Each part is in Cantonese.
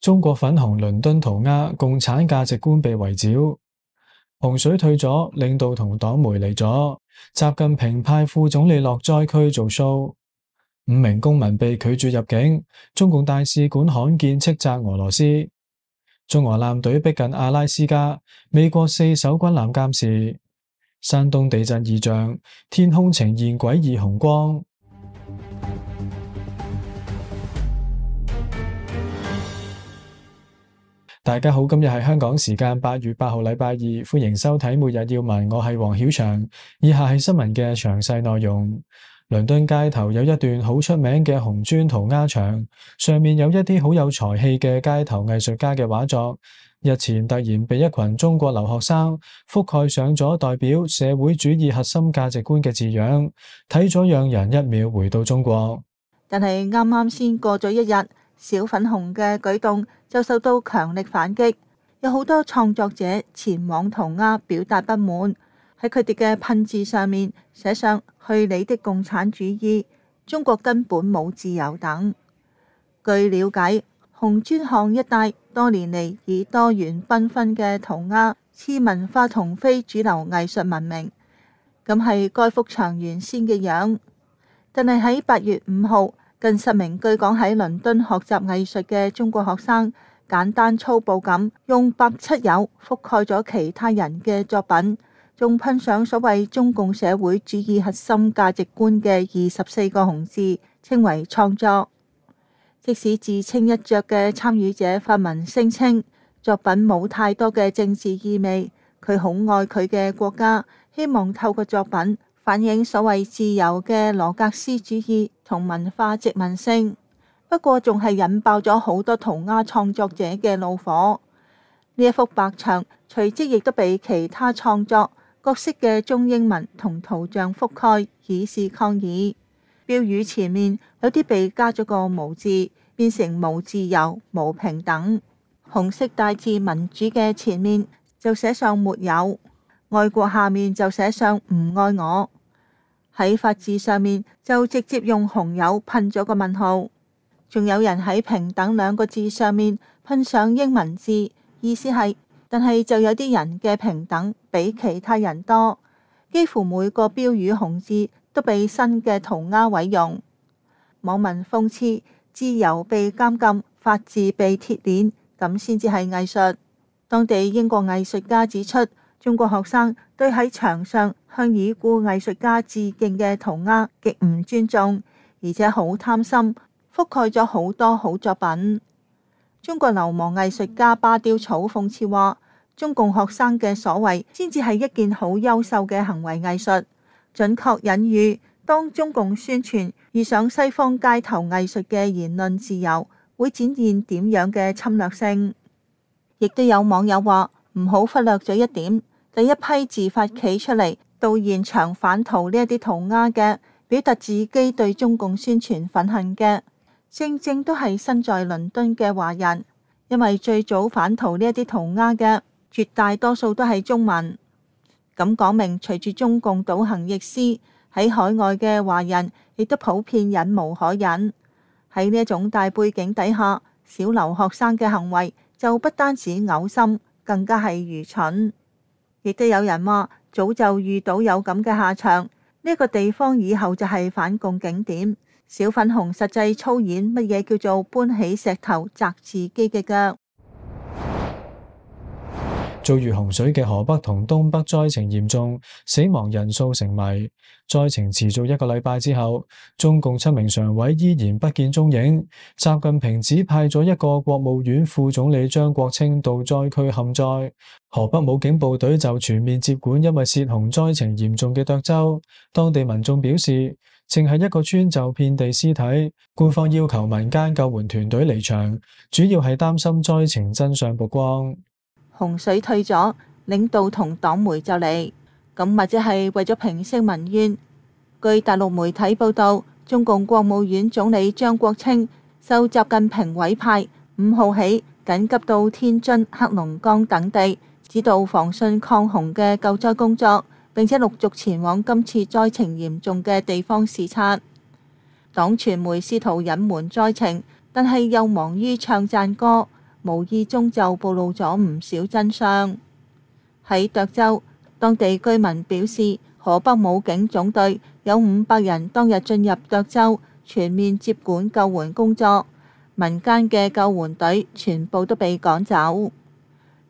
中國粉紅倫敦塗鴉，共產價值觀被圍剿。洪水退咗，領導同黨媒嚟咗。習近平派副總理落災區做 show。五名公民被拒絕入境，中共大使館罕見斥責俄羅斯。中俄艦隊逼近阿拉斯加，美國四艘軍艦監視。山東地震異象，天空呈現詭異紅光。大家好，今日係香港時間八月八號禮拜二，歡迎收睇《每日要聞》，我係黃曉翔。以下係新聞嘅詳細內容：倫敦街頭有一段好出名嘅紅磚塗鴉牆，上面有一啲好有才氣嘅街頭藝術家嘅畫作。日前突然被一群中國留學生覆蓋上咗代表社會主義核心價值觀嘅字樣，睇咗讓人一秒回到中國。但係啱啱先過咗一日。小粉紅嘅舉動就受到強力反擊，有好多創作者前往塗鴉表達不滿，喺佢哋嘅噴字上面寫上去你的共產主義，中國根本冇自由等。據了解，紅磚巷一帶多年嚟以多元繽紛嘅塗鴉次文化同非主流藝術聞名，咁係該幅牆原先嘅樣，但係喺八月五號。近十名據講喺倫敦學習藝術嘅中國學生，簡單粗暴咁用白漆油覆蓋咗其他人嘅作品，仲噴上所謂中共社會主義核心價值觀嘅二十四個紅字，稱為創作。即使自稱一著嘅參與者發文聲稱作品冇太多嘅政治意味，佢好愛佢嘅國家，希望透過作品。反映所謂自由嘅羅格斯主義同文化殖民性，不過仲係引爆咗好多塗鴉創作者嘅怒火。呢一幅白牆隨即亦都被其他創作角色嘅中英文同圖像覆蓋，以示抗議。標語前面有啲被加咗個無字，變成無自由、無平等。紅色大字民主嘅前面就寫上沒有，愛國下面就寫上唔愛我。喺法治上面就直接用紅油噴咗個問號，仲有人喺平等兩個字上面噴上英文字，意思係，但係就有啲人嘅平等比其他人多。幾乎每個標語紅字都被新嘅塗鴉毀容。」網民諷刺：自由被監禁，法治被鐵鏈，咁先至係藝術。當地英國藝術家指出。中國學生對喺牆上向已故藝術家致敬嘅塗鴉極唔尊重，而且好貪心，覆蓋咗好多好作品。中國流亡藝術家巴丟草諷刺話：中共學生嘅所謂先至係一件好優秀嘅行為藝術。準確引喻，當中共宣傳遇上西方街頭藝術嘅言論自由，會展現點樣嘅侵略性？亦都有網友話。唔好忽略咗一點，第一批自發企出嚟，到現場反逃呢一啲塗鴉嘅，表達自己對中共宣傳憤恨嘅，正正都係身在倫敦嘅華人，因為最早反逃呢一啲塗鴉嘅絕大多數都係中文，咁講明，隨住中共倒行逆施喺海外嘅華人亦都普遍忍無可忍。喺呢一種大背景底下，小留學生嘅行為就不單止嘔心。更加係愚蠢，亦都有人話、哦、早就遇到有咁嘅下場。呢、呢個地方以後就係反共景點。小粉紅實際操演乜嘢叫做搬起石頭砸自己嘅腳。遭遇洪水嘅河北同東北災情嚴重，死亡人數成謎，災情持續一個禮拜之後，中共七名常委依然不見蹤影。習近平指派咗一個國務院副總理張國清到災區陷災，河北武警部隊就全面接管。因為洩洪災情嚴重嘅涿州，當地民眾表示，淨係一個村就遍地屍體。官方要求民間救援團隊離場，主要係擔心災情真相曝光。洪水退咗，領導同黨媒就嚟咁，或者係為咗平息民怨。據大陸媒體報道，中共國務院總理張國清受習近平委派，五號起緊急到天津、黑龍江等地指導防汛抗洪嘅救災工作，並且陸續前往今次災情嚴重嘅地方視察。黨傳媒試圖隱瞞災情，但係又忙於唱讚歌。無意中就暴露咗唔少真相。喺涿州，當地居民表示，河北武警總隊有五百人當日進入涿州，全面接管救援工作。民間嘅救援隊全部都被趕走，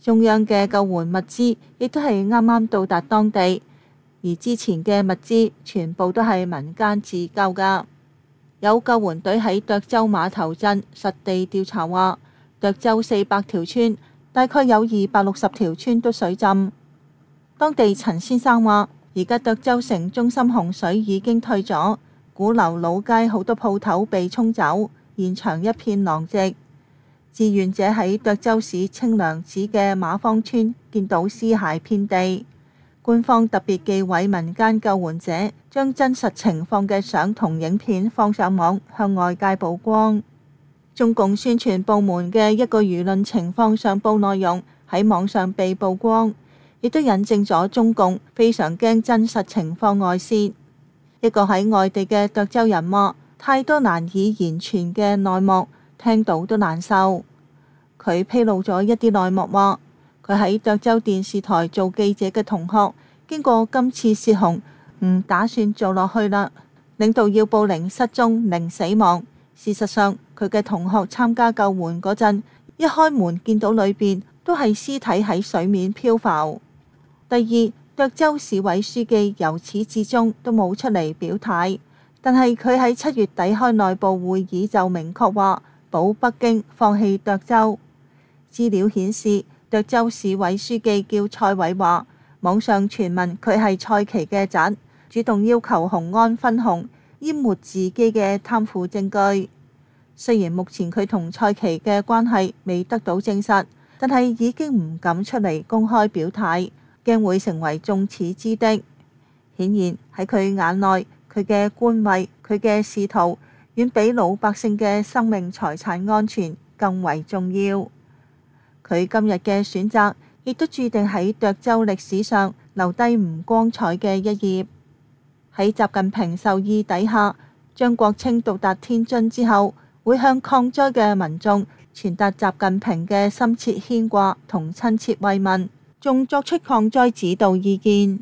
中央嘅救援物資亦都係啱啱到達當地，而之前嘅物資全部都係民間自救㗎。有救援隊喺涿州碼頭鎮實地調查話。涿州四百條村，大概有二百六十條村都水浸。當地陳先生話，而家涿州城中心洪水已經退咗，鼓樓老街好多鋪頭被沖走，現場一片狼藉。志願者喺涿州市清涼寺嘅馬坊村見到屍骸遍地。官方特別忌諱民間救援者將真實情況嘅相同影片放上網，向外界曝光。中共宣傳部門嘅一個輿論情況上報內容喺網上被曝光，亦都引證咗中共非常驚真實情況外泄。一個喺外地嘅涿州人話：太多難以言傳嘅內幕，聽到都難受。佢披露咗一啲內幕話：佢喺涿州電視台做記者嘅同學經過今次泄洪，唔打算做落去啦。領導要報零失蹤零死亡，事實上。佢嘅同學參加救援嗰陣，一開門見到裏邊都係屍體喺水面漂浮。第二，涿州市委書記由始至終都冇出嚟表態，但係佢喺七月底開內部會議就明確話保北京，放棄涿州。資料顯示，涿州市委書記叫蔡偉華，網上傳聞佢係蔡奇嘅侄，主動要求紅安分紅，淹沒自己嘅貪腐證據。雖然目前佢同蔡奇嘅關係未得到證實，但係已經唔敢出嚟公開表態，驚會成為眾矢之的。顯然喺佢眼內，佢嘅官位、佢嘅仕途，遠比老百姓嘅生命、財產安全更為重要。佢今日嘅選擇，亦都注定喺涿州歷史上留低唔光彩嘅一頁。喺習近平授意底下，張國清到達天津之後。會向抗災嘅民眾傳達習近平嘅深切牽掛同親切慰問，仲作出抗災指導意見。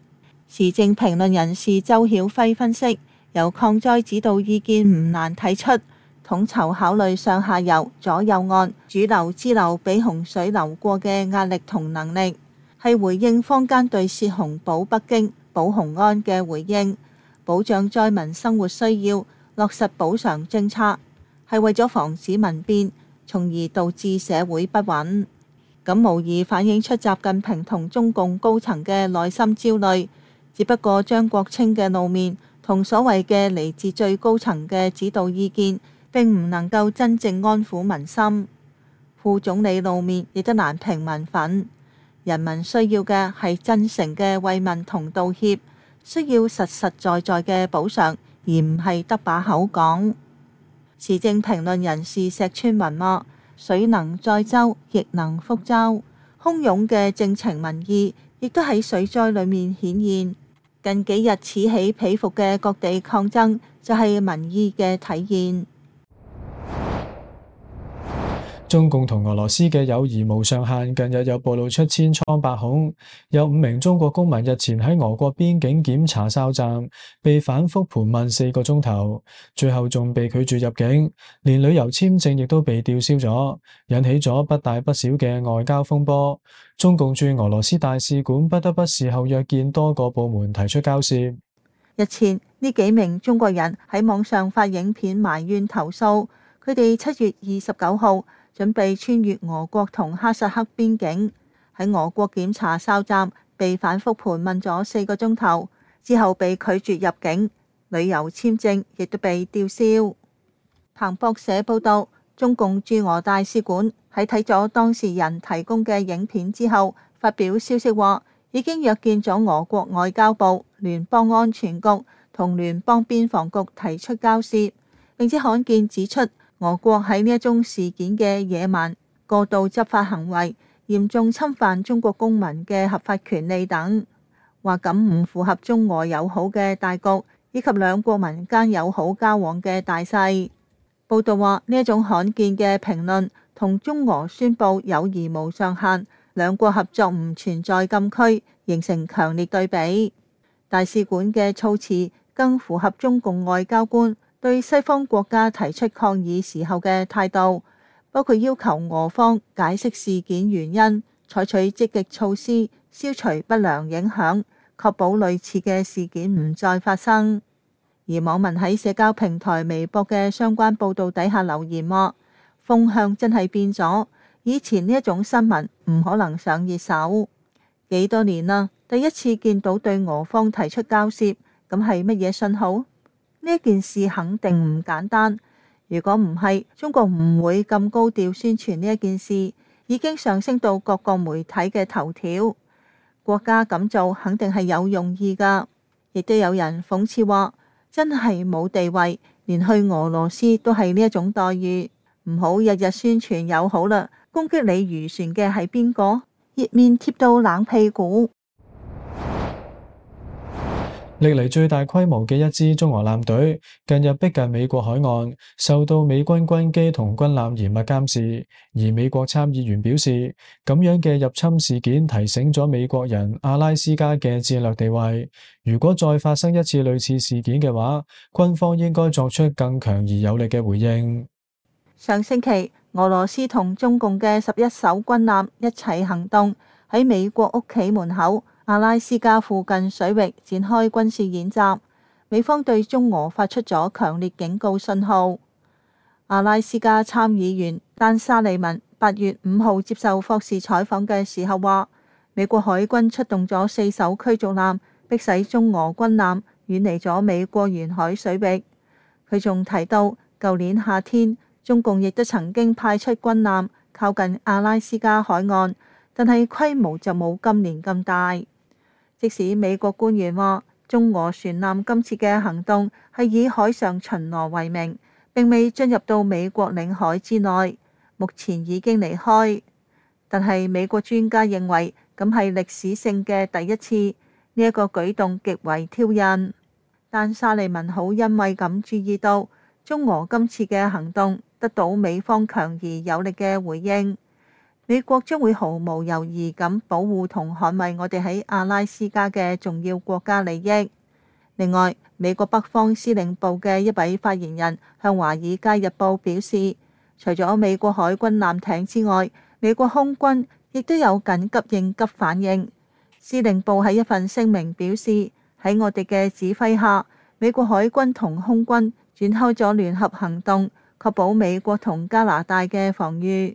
時政評論人士周曉輝分析，由抗災指導意見唔難睇出，統籌考慮上下游、左右岸、主流支流畀洪水流過嘅壓力同能力，係回應坊間對泄洪保北京、保雄安嘅回應，保障災民生活需要，落實補償政策。係為咗防止民變，從而導致社會不穩，咁無疑反映出習近平同中共高層嘅內心焦慮。只不過張國清嘅露面同所謂嘅嚟自最高層嘅指導意見，並唔能夠真正安撫民心。副總理露面亦都難平民憤，人民需要嘅係真誠嘅慰問同道歉，需要實實在在嘅補償，而唔係得把口講。時政評論人士石川文墨：水能載舟，亦能覆舟。洶湧嘅政情民意，亦都喺水災裏面顯現。近幾日此起彼伏嘅各地抗爭，就係、是、民意嘅體現。中共同俄羅斯嘅友誼無上限，近日又暴露出千瘡百孔。有五名中國公民日前喺俄國邊境檢查哨站被反覆盤問四個鐘頭，最後仲被拒絕入境，連旅遊簽證亦都被吊銷咗，引起咗不大不小嘅外交風波。中共駐俄羅斯大使館不得不事後約見多個部門提出交涉。日前呢幾名中國人喺網上發影片埋怨投訴，佢哋七月二十九號，準備穿越俄國同哈薩克邊境，喺俄國檢查哨站被反覆盤問咗四個鐘頭，之後被拒絕入境，旅遊簽證亦都被吊銷。彭博社報導，中共駐俄大使館喺睇咗當事人提供嘅影片之後，發表消息話已經約見咗俄國外交部、聯邦安全局同聯邦邊防局提出交涉，並且罕見指出。俄國喺呢一宗事件嘅野蠻、過度執法行為，嚴重侵犯中國公民嘅合法權利等，話咁唔符合中俄友好嘅大局，以及兩國民間友好交往嘅大勢。報導話呢一種罕見嘅評論，同中俄宣布友誼無上限、兩國合作唔存在禁區，形成強烈對比。大使館嘅措辭更符合中共外交官。對西方國家提出抗議時候嘅態度，包括要求俄方解釋事件原因，採取積極措施，消除不良影響，確保類似嘅事件唔再發生。而網民喺社交平台微博嘅相關報道底下留言：噃，風向真係變咗，以前呢一種新聞唔可能上熱搜，幾多年啦，第一次見到對俄方提出交涉，咁係乜嘢信號？呢件事肯定唔簡單，如果唔係，中國唔會咁高調宣傳呢一件事，已經上升到各個媒體嘅頭條。國家咁做肯定係有用意噶，亦都有人諷刺話，真係冇地位，連去俄羅斯都係呢一種待遇。唔好日日宣傳友好啦，攻擊你漁船嘅係邊個？頁面貼到冷屁股。歷來最大規模嘅一支中俄艦隊近日逼近美國海岸，受到美軍軍機同軍艦嚴密監視。而美國參議員表示，咁樣嘅入侵事件提醒咗美國人阿拉斯加嘅戰略地位。如果再發生一次類似事件嘅話，軍方應該作出更強而有力嘅回應。上星期，俄羅斯同中共嘅十一艘軍艦一齊行動，喺美國屋企門口。阿拉斯加附近水域展開軍事演習，美方對中俄發出咗強烈警告信號。阿拉斯加參議員丹沙利文八月五號接受霍士採訪嘅時候話，美國海軍出動咗四艘驅逐艦，迫使中俄軍艦遠離咗美國沿海水域。佢仲提到，舊年夏天中共亦都曾經派出軍艦靠近阿拉斯加海岸，但係規模就冇今年咁大。即使美國官員話中俄船艦今次嘅行動係以海上巡邏為名，並未進入到美國領海之內，目前已經離開。但係美國專家認為咁係歷史性嘅第一次，呢一個舉動極為挑釁，但沙利文好欣慰咁注意到，中俄今次嘅行動得到美方強而有力嘅回應。美國將會毫無猶豫咁保護同捍衞我哋喺阿拉斯加嘅重要國家利益。另外，美國北方司令部嘅一位發言人向《華爾街日報》表示，除咗美國海軍艦，艦艇之外，美國空軍亦都有緊急應急反應。司令部喺一份聲明表示，喺我哋嘅指揮下，美國海軍同空軍展開咗聯合行動，確保美國同加拿大嘅防禦。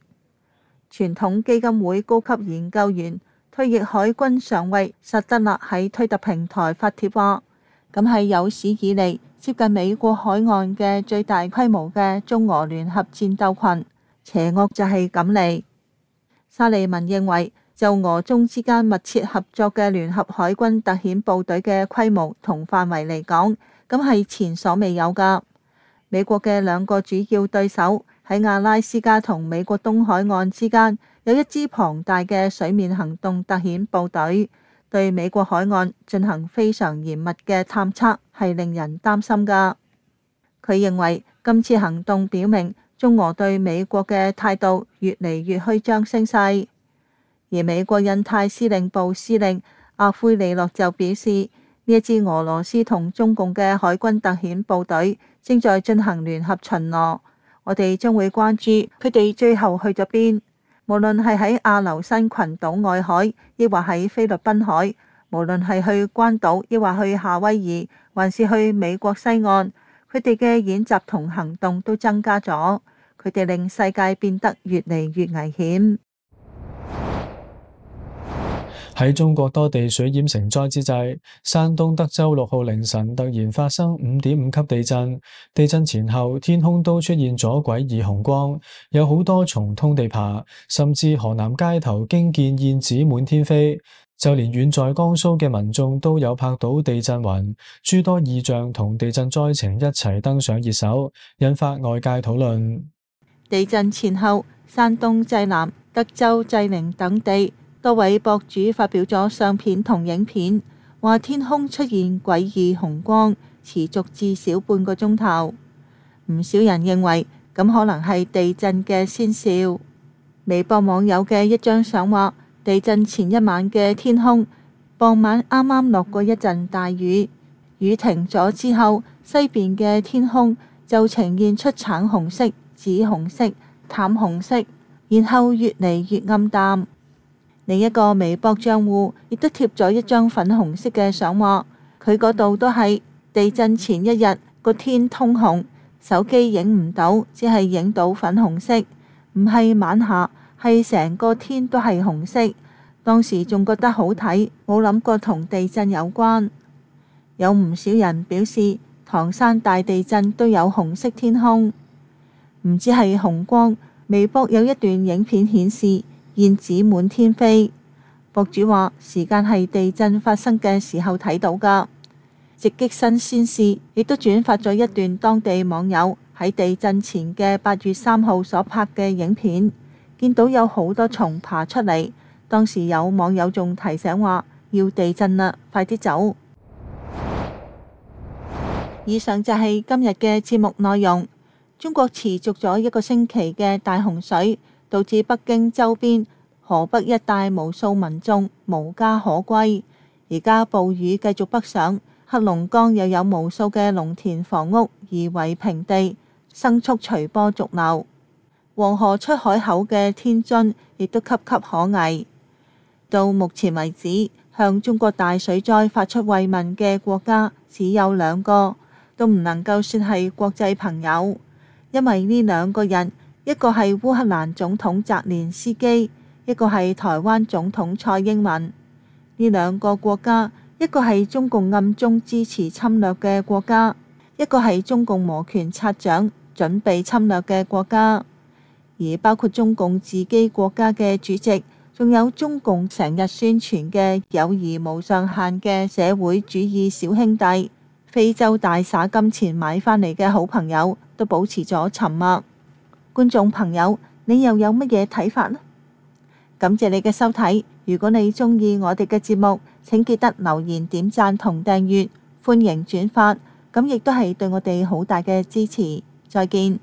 傳統基金會高級研究員退役海軍上尉薩德勒喺推特平台發帖話：咁係有史以嚟接近美國海岸嘅最大規模嘅中俄聯合戰鬥群，邪惡就係咁嚟。沙利文認為，就俄中之間密切合作嘅聯合海軍特遣部隊嘅規模同範圍嚟講，咁係前所未有㗎。美國嘅兩個主要對手。喺阿拉斯加同美國東海岸之間，有一支龐大嘅水面行動特遣部隊對美國海岸進行非常嚴密嘅探測，係令人擔心㗎。佢認為今次行動表明中俄對美國嘅態度越嚟越虛張聲勢，而美國印太司令部司令阿奎利諾就表示，呢一支俄羅斯同中共嘅海軍特遣部隊正在進行聯合巡邏。我哋將會關注佢哋最後去咗邊，無論係喺阿留申群島外海，亦或喺菲律賓海；無論係去關島，亦或去夏威夷，還是去美國西岸，佢哋嘅演習同行動都增加咗，佢哋令世界變得越嚟越危險。喺中國多地水淹成災之際，山東德州六號凌晨突然發生五點五級地震，地震前後天空都出現咗詭異紅光，有好多蟲通地爬，甚至河南街頭驚見燕子滿天飛，就連遠在江蘇嘅民眾都有拍到地震雲，諸多異象同地震災情一齊登上熱搜，引發外界討論。地震前後，山東濟南、德州、濟寧等地，多位博主發表咗相片同影片，話天空出現詭異紅光，持續至少半個鐘頭。唔少人認為咁可能係地震嘅先兆。微博網友嘅一張相話：地震前一晚嘅天空，傍晚啱啱落過一陣大雨，雨停咗之後，西邊嘅天空就呈現出橙紅色、紫紅色、淡紅色，然後越嚟越暗淡。另一個微博賬戶亦都貼咗一張粉紅色嘅相喎，佢嗰度都係地震前一日個天通紅，手機影唔到，只係影到粉紅色，唔係晚霞，係成個天都係紅色。當時仲覺得好睇，冇諗過同地震有關。有唔少人表示唐山大地震都有紅色天空，唔知係紅光。微博有一段影片顯示，燕子滿天飛，博主話時間係地震發生嘅時候睇到噶。直擊新鮮事，亦都轉發咗一段當地網友喺地震前嘅八月三號所拍嘅影片，見到有好多蟲爬出嚟。當時有網友仲提醒話要地震啦，快啲走。以上就係今日嘅節目內容。中國持續咗一個星期嘅大洪水。導致北京周邊河北一帶無數民眾無家可歸，而家暴雨繼續北上，黑龍江又有無數嘅農田房屋夷為平地，牲畜隨波逐流。黃河出海口嘅天津亦都岌岌可危。到目前為止，向中國大水災發出慰問嘅國家只有兩個，都唔能夠算係國際朋友，因為呢兩個人。一個係烏克蘭總統澤連斯基，一個係台灣總統蔡英文。呢兩個國家，一個係中共暗中支持侵略嘅國家，一個係中共摩拳擦掌準備侵略嘅國家。而包括中共自己國家嘅主席，仲有中共成日宣傳嘅友誼無上限嘅社會主義小兄弟，非洲大撒金錢買翻嚟嘅好朋友，都保持咗沉默。觀眾朋友，你又有乜嘢睇法呢？感謝你嘅收睇。如果你鍾意我哋嘅節目，請記得留言、點讚同訂閱，歡迎轉發，咁亦都係對我哋好大嘅支持。再見。